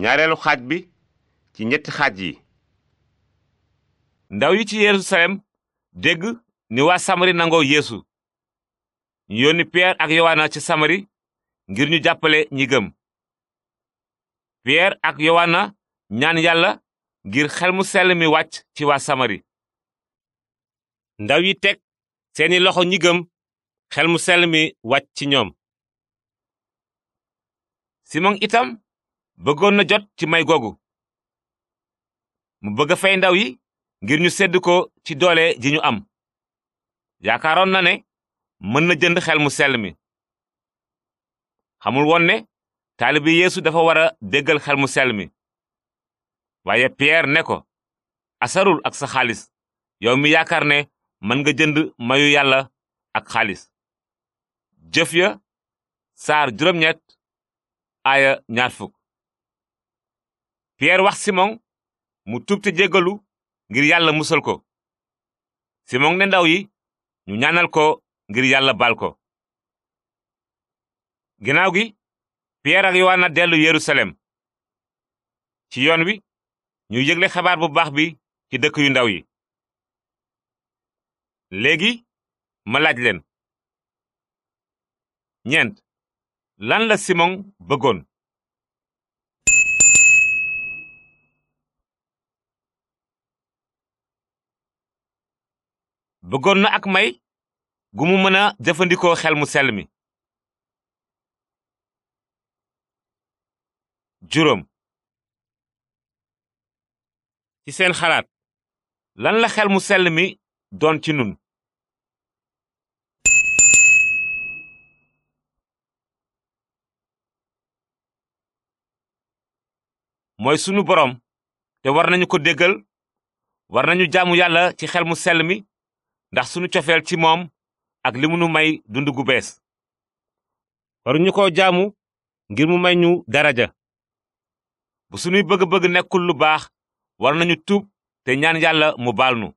ñaareelu xaj bi ci ñetti xaaj yi ndaw yi ci yerusalem dégg ni waa samari nangoo yeesu ñu yónni piyeer ak yowaana ci samari ngir ñu jàppale ñi gëm piyeer ak yowaana ñaan yàlla ngir xel mu sell mi wàcc ci waa samari ndaw yi teg seeni loxo ñi gëm xel mu sell mi wàcc ci ñoom bëggoon na jot ci may googu mu bëgg a fay ndaw yi ngir ñu sedd ko ci doole ji ñu am yaakaaroon na ne mën na jënd xel mu sel mi xamul woon ne taalibi yeesu dafa war a déggal xel mu sell mi waaye Pierre ne ko asarul ak sa xaalis yow mi yaakaar ne mën nga jënd mayu yàlla ak xaalis jëf ya saar juróom-ñett aaya ñaar fukk Pierre wax simoŋ mu tuub te jéggalu ngir yàlla musal ko Simon ne ndaw yi ñu ñaanal ko ngir yàlla baal ko ginnaaw gi Pierre ak Yowaana dellu Yerusalem ci yoon wi ñu yëgle xabaar bu baax bi ci dëkk yu ndaw yi léegi malaaj laaj leen ñeent lan la simoŋ bëggoon bëggoon na ak may gumu mën a jëfandikoo xel mu sell mi. juróom ci seen xalaat lan la xel mu sell mi doon ci nun mooy sunu boroom te war nañu ko déggal war nañu jaamu yàlla ci xel mu sell mi ndax sunu cofeel ci moom ak li mu nu may dund gu bees waruñu ko jaamu ngir mu may ñu daraja bu sunuy bëgg-bëgg nekkul lu baax war nañu tuub te ñaan yàlla mu baal nu